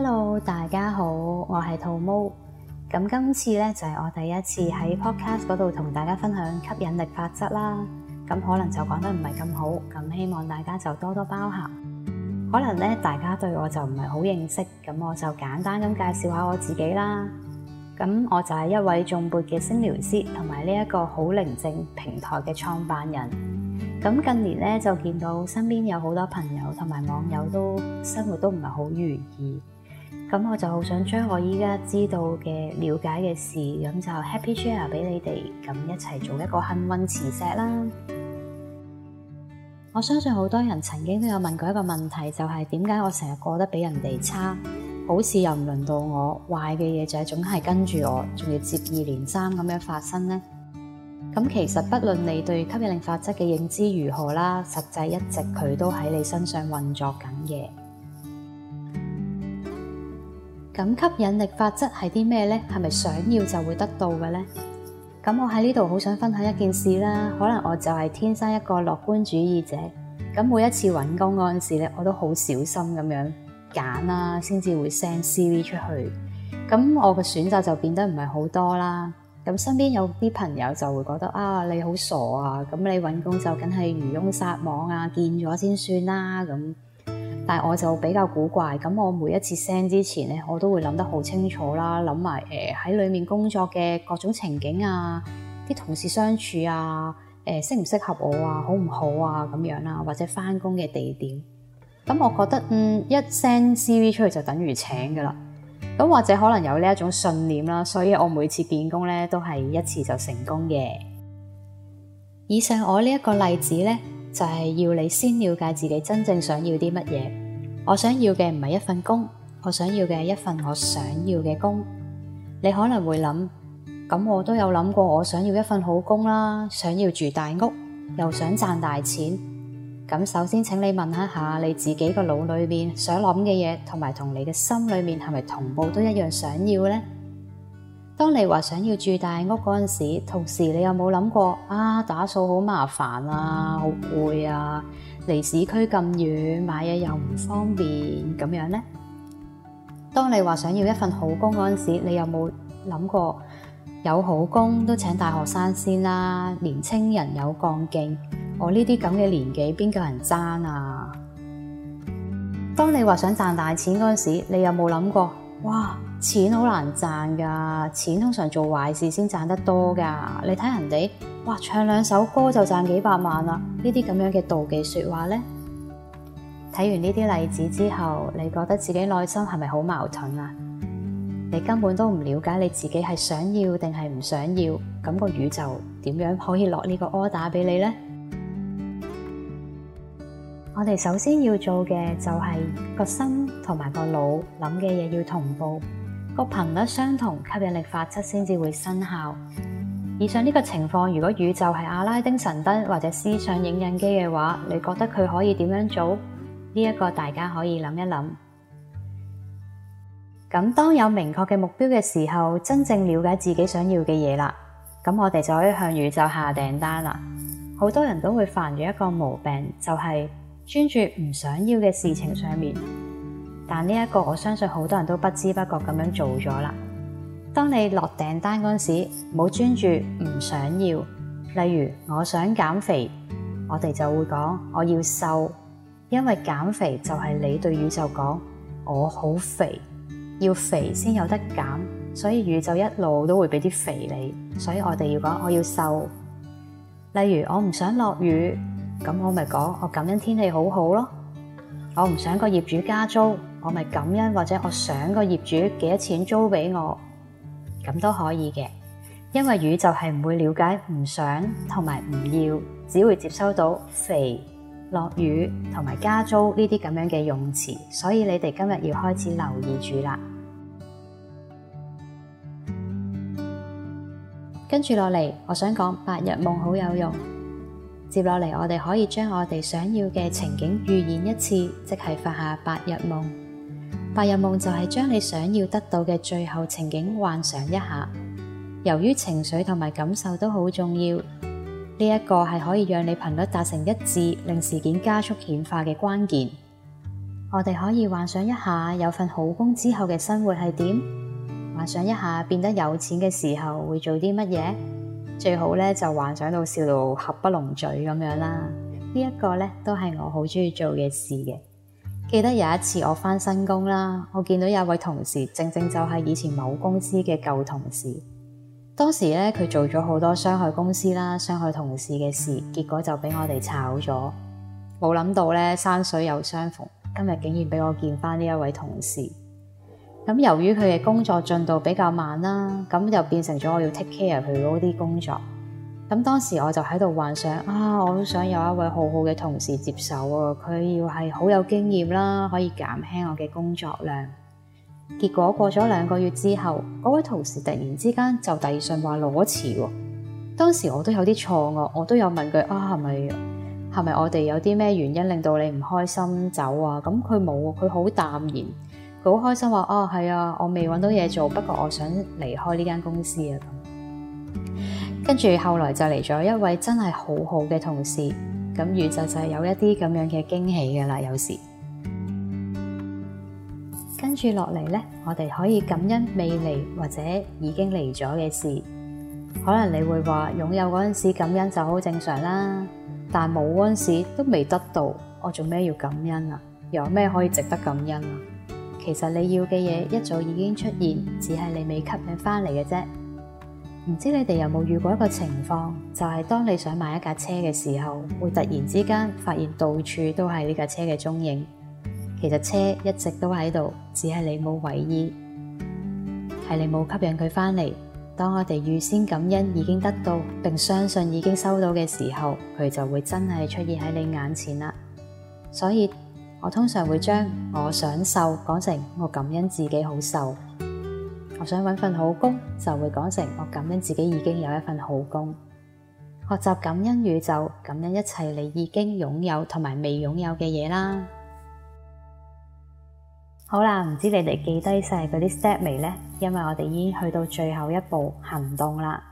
Hello，大家好，我係 Tomo。咁今次咧就係、是、我第一次喺 podcast 嗰度同大家分享吸引力法則啦。咁可能就講得唔係咁好，咁希望大家就多多包涵。可能咧大家對我就唔係好認識，咁我就簡單咁介紹下我自己啦。咁我就係一位頌缽嘅治療師，同埋呢一個好・靈靜平台嘅創辦人。咁近年咧就見到身邊有好多朋友同埋網友都生活都唔係好如意。咁我就好想將我依家知道嘅、了解嘅事，咁就 Happy Share 俾你哋，咁一齊做一個幸運磁石啦。 我相信好多人曾經都有問過一個問題，就係點解我成日過得比人哋差，好事又唔輪到我，壞嘅嘢就係總係跟住我，仲要接二連三咁樣發生呢？咁其實，不論你對吸引力法則嘅認知如何啦，實際一直佢都喺你身上運作緊嘅。咁吸引力法則係啲咩咧？係咪想要就會得到嘅咧？咁我喺呢度好想分享一件事啦。可能我就係天生一個樂觀主義者。咁每一次揾工嗰陣時咧，我都好小心咁樣揀啦，先至會 send CV 出去。咁我嘅選擇就變得唔係好多啦。咁身邊有啲朋友就會覺得啊，你好傻啊！咁你揾工就梗係漁翁撒網啊，見咗先算啦、啊、咁。但係我就比較古怪，咁我每一次 send 之前咧，我都會諗得好清楚啦，諗埋誒喺裡面工作嘅各種情景啊，啲同事相處啊，誒、呃、適唔適合我啊，好唔好啊咁樣啦、啊，或者返工嘅地點。咁我覺得嗯一 send CV 出去就等於請㗎啦。咁或者可能有呢一種信念啦，所以我每次見工咧都係一次就成功嘅。以上我呢一個例子咧。就係要你先了解自己真正想要啲乜嘢。我想要嘅唔係一份工，我想要嘅係一份我想要嘅工。你可能會諗，咁我都有諗過，我想要一份好工啦，想要住大屋，又想賺大錢。咁首先，請你問一下你自己個腦裏面想諗嘅嘢，同埋同你嘅心裏面係咪同步都一樣想要呢？當你話想要住大屋嗰陣時，同時你有冇諗過啊？打掃好麻煩啊，好攰啊，離市區咁遠，買嘢又唔方便咁樣呢？當你話想要一份好工嗰陣時，你有冇諗過有好工都請大學生先啦？年青人有幹勁，我呢啲咁嘅年紀邊夠人爭啊？當你話想賺大錢嗰陣時，你有冇諗過哇？錢好難賺噶，錢通常做壞事先賺得多噶。你睇人哋哇，唱兩首歌就賺幾百萬啦。呢啲咁樣嘅妒忌說話呢？睇完呢啲例子之後，你覺得自己內心係咪好矛盾啊？你根本都唔了解你自己係想要定係唔想要，咁個宇宙點樣可以落呢個 order 俾你呢？我哋首先要做嘅就係個心同埋個腦諗嘅嘢要同步。個頻率相同，吸引力法則先至會生效。以上呢個情況，如果宇宙係阿拉丁神燈或者思想影印機嘅話，你覺得佢可以點樣做？呢、這、一個大家可以諗一諗。咁當有明確嘅目標嘅時候，真正了解自己想要嘅嘢啦，咁我哋就可以向宇宙下訂單啦。好多人都會犯咗一個毛病，就係、是、專注唔想要嘅事情上面。但呢一個我相信好多人都不知不覺咁樣做咗啦。當你落訂單嗰陣時，唔好專注唔想要。例如我想減肥，我哋就會講我要瘦，因為減肥就係你對宇宙講我好肥，要肥先有得減，所以宇宙一路都會俾啲肥你。所以我哋要講我要瘦。例如我唔想落雨，咁我咪講我感恩天氣好好咯。我唔想個業主加租。我咪感恩，或者我想個業主幾多錢租俾我，咁都可以嘅。因為宇宙係唔會了解唔想同埋唔要，只會接收到肥、落雨同埋加租呢啲咁樣嘅用詞。所以你哋今日要開始留意住啦。跟住落嚟，我想講白日夢好有用。接落嚟，我哋可以將我哋想要嘅情景預演一次，即係發下白日夢。白日夢就係將你想要得到嘅最後情景幻想一下，由於情緒同埋感受都好重要，呢、這、一個係可以讓你頻率達成一致，令事件加速顯化嘅關鍵。我哋可以幻想一下有份好工之後嘅生活係點，幻想一下變得有錢嘅時候會做啲乜嘢，最好咧就幻想到笑到合不攏嘴咁樣啦。這個、呢一個咧都係我好中意做嘅事嘅。記得有一次我翻新工啦，我見到有位同事，正正就係以前某公司嘅舊同事。當時咧佢做咗好多傷害公司啦、傷害同事嘅事，結果就俾我哋炒咗。冇諗到咧，山水有相逢，今日竟然俾我見翻呢一位同事。咁、嗯、由於佢嘅工作進度比較慢啦，咁就變成咗我要 take care 佢嗰啲工作。咁當時我就喺度幻想啊，我都想有一位好好嘅同事接手啊。佢要係好有經驗啦，可以減輕我嘅工作量。結果過咗兩個月之後，嗰位同事突然之間就遞信話攞辭喎、啊。當時我都有啲錯愕，我都有問佢啊，係咪係咪我哋有啲咩原因令到你唔開心走啊？咁佢冇，佢好淡然，佢好開心話啊，係啊，我未揾到嘢做，不過我想離開呢間公司啊。跟住後來就嚟咗一位真係好好嘅同事，咁宇宙就係有一啲咁樣嘅驚喜噶啦。有時跟住落嚟呢，我哋可以感恩未嚟或者已經嚟咗嘅事。可能你會話擁有嗰陣時感恩就好正常啦，但冇嗰陣時都未得到，我做咩要感恩啊？有咩可以值得感恩啊？其實你要嘅嘢一早已經出現，只係你未吸引翻嚟嘅啫。唔知你哋有冇遇過一個情況，就係當你想買一架車嘅時候，會突然之間發現到處都係呢架車嘅蹤影。其實車一直都喺度，只係你冇為意，係你冇吸引佢翻嚟。當我哋預先感恩已經得到，並相信已經收到嘅時候，佢就會真係出現喺你眼前啦。所以我通常會將我想瘦講成我感恩自己好瘦。我想揾份好工，就會講成我感恩自己已經有一份好工。學習感恩宇宙，感恩一切你已經擁有同埋未擁有嘅嘢啦。好啦，唔知你哋記低晒嗰啲 step 未呢？因為我哋已經去到最後一步行動啦。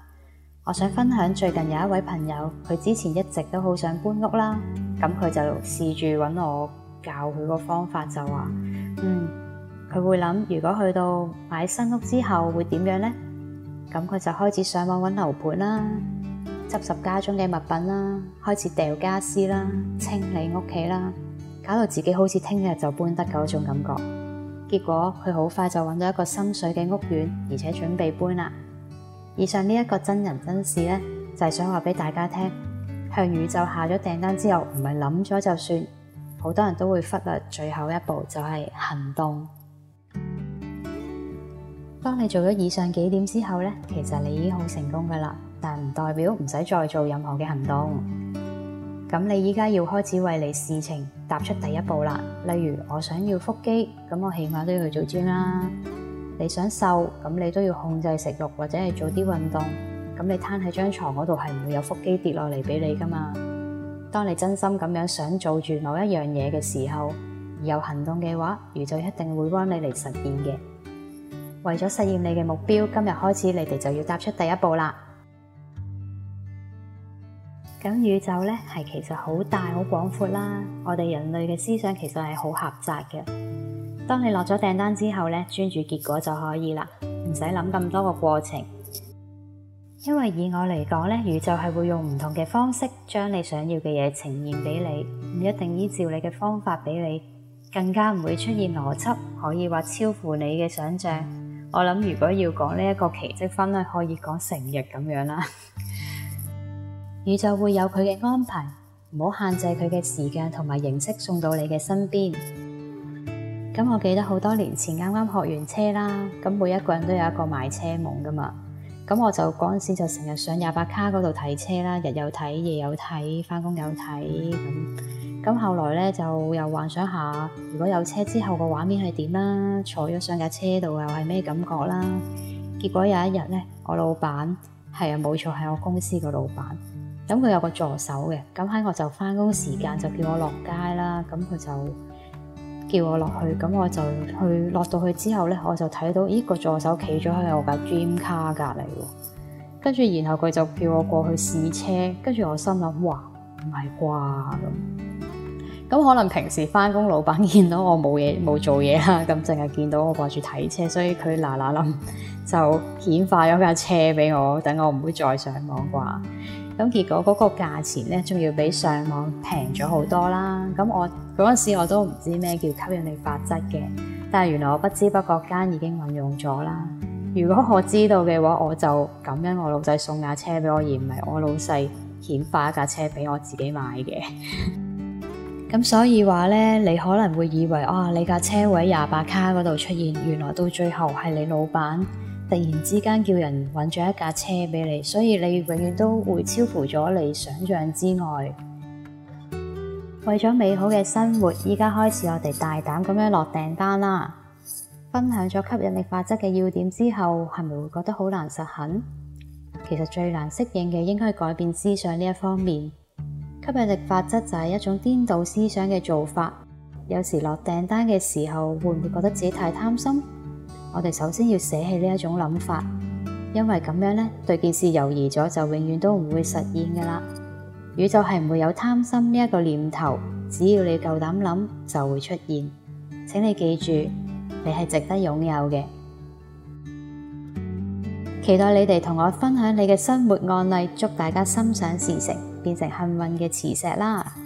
我想分享最近有一位朋友，佢之前一直都好想搬屋啦，咁佢就試住揾我教佢個方法，就話嗯。佢會諗，如果去到買新屋之後會點樣呢？咁佢就開始上網揾樓盤啦，執拾家中嘅物品啦，開始掉家私啦，清理屋企啦，搞到自己好似聽日就搬得嗰種感覺。結果佢好快就揾到一個心水嘅屋苑，而且準備搬啦。以上呢一個真人真事咧，就係想話俾大家聽，向宇宙下咗訂單之後，唔係諗咗就算，好多人都會忽略最後一步就係行動。當你做咗以上幾點之後咧，其實你已經好成功噶啦，但唔代表唔使再做任何嘅行動。咁你依家要開始為你事情踏出第一步啦。例如我想要腹肌，咁我起碼都要去做 gym 啦。你想瘦，咁你都要控制食慾或者係做啲運動。咁你攤喺張床嗰度係唔會有腹肌跌落嚟俾你噶嘛？當你真心咁樣想做住某一樣嘢嘅時候，有行動嘅話，宇宙就一定會幫你嚟實現嘅。為咗實現你嘅目標，今日開始你哋就要踏出第一步啦。咁宇宙咧係其實好大好廣闊啦。我哋人類嘅思想其實係好狹窄嘅。當你落咗訂單之後咧，專注結果就可以啦，唔使諗咁多個過程。因為以我嚟講咧，宇宙係會用唔同嘅方式將你想要嘅嘢呈現俾你，唔一定依照你嘅方法俾你，更加唔會出現邏輯，可以話超乎你嘅想象。我諗如果要講呢一個奇蹟分咧，可以講成日咁樣啦。 宇宙會有佢嘅安排，唔好限制佢嘅時間同埋形式送到你嘅身邊。咁我記得好多年前啱啱學完車啦，咁每一個人都有一個買車夢噶嘛。咁我就嗰陣時就成日上 28car 嗰度睇車啦，日有睇，夜有睇，返工有睇咁。咁後來咧，就又幻想下如果有車之後個畫面係點啦。坐咗上架車度又係咩感覺啦？結果有一日咧，我老闆，係啊，冇錯，係我公司嘅老闆。咁佢有個助手嘅，咁喺我就返工時間就叫我落街啦。咁佢就叫我落去，咁我就去落到去之後咧，我就睇到，咦，個助手企咗喺我架 dream car 隔離喎。跟住然後佢就叫我過去試車，跟住我心諗，哇，唔係啩咁。咁可能平時翻工，老闆見到我冇嘢冇做嘢啦，咁淨係見到我掛住睇車，所以佢嗱嗱臨就顯化咗架車俾我，等我唔會再上網啩。咁結果嗰個價錢咧，仲要比上網平咗好多啦。咁我嗰陣時我都唔知咩叫吸引力法則嘅，但係原來我不知不覺間已經運用咗啦。如果我知道嘅話，我就感恩我老細送架車俾我，而唔係我老細顯化一架車俾我自己買嘅。咁所以話咧，你可能會以為啊、哦，你架車位廿八卡嗰度出現，原來到最後係你老闆突然之間叫人揾咗一架車俾你，所以你永遠都會超乎咗你想象之外。 為咗美好嘅生活，依家開始我哋大膽咁樣落訂單啦！分享咗吸引力法則嘅要點之後，係咪會覺得好難實行？其實最難適應嘅應該係改變思想呢一方面。吸引力法則就係一種顛倒思想嘅做法。有時落訂單嘅時候，會唔會覺得自己太貪心？我哋首先要捨棄呢一種諗法，因為咁樣呢，對件事猶豫咗，就永遠都唔會實現噶啦。宇宙係唔會有貪心呢一個念頭，只要你夠膽諗，就會出現。請你記住，你係值得擁有嘅。期待你哋同我分享你嘅生活案例，祝大家心想事成。變成幸運嘅磁石啦～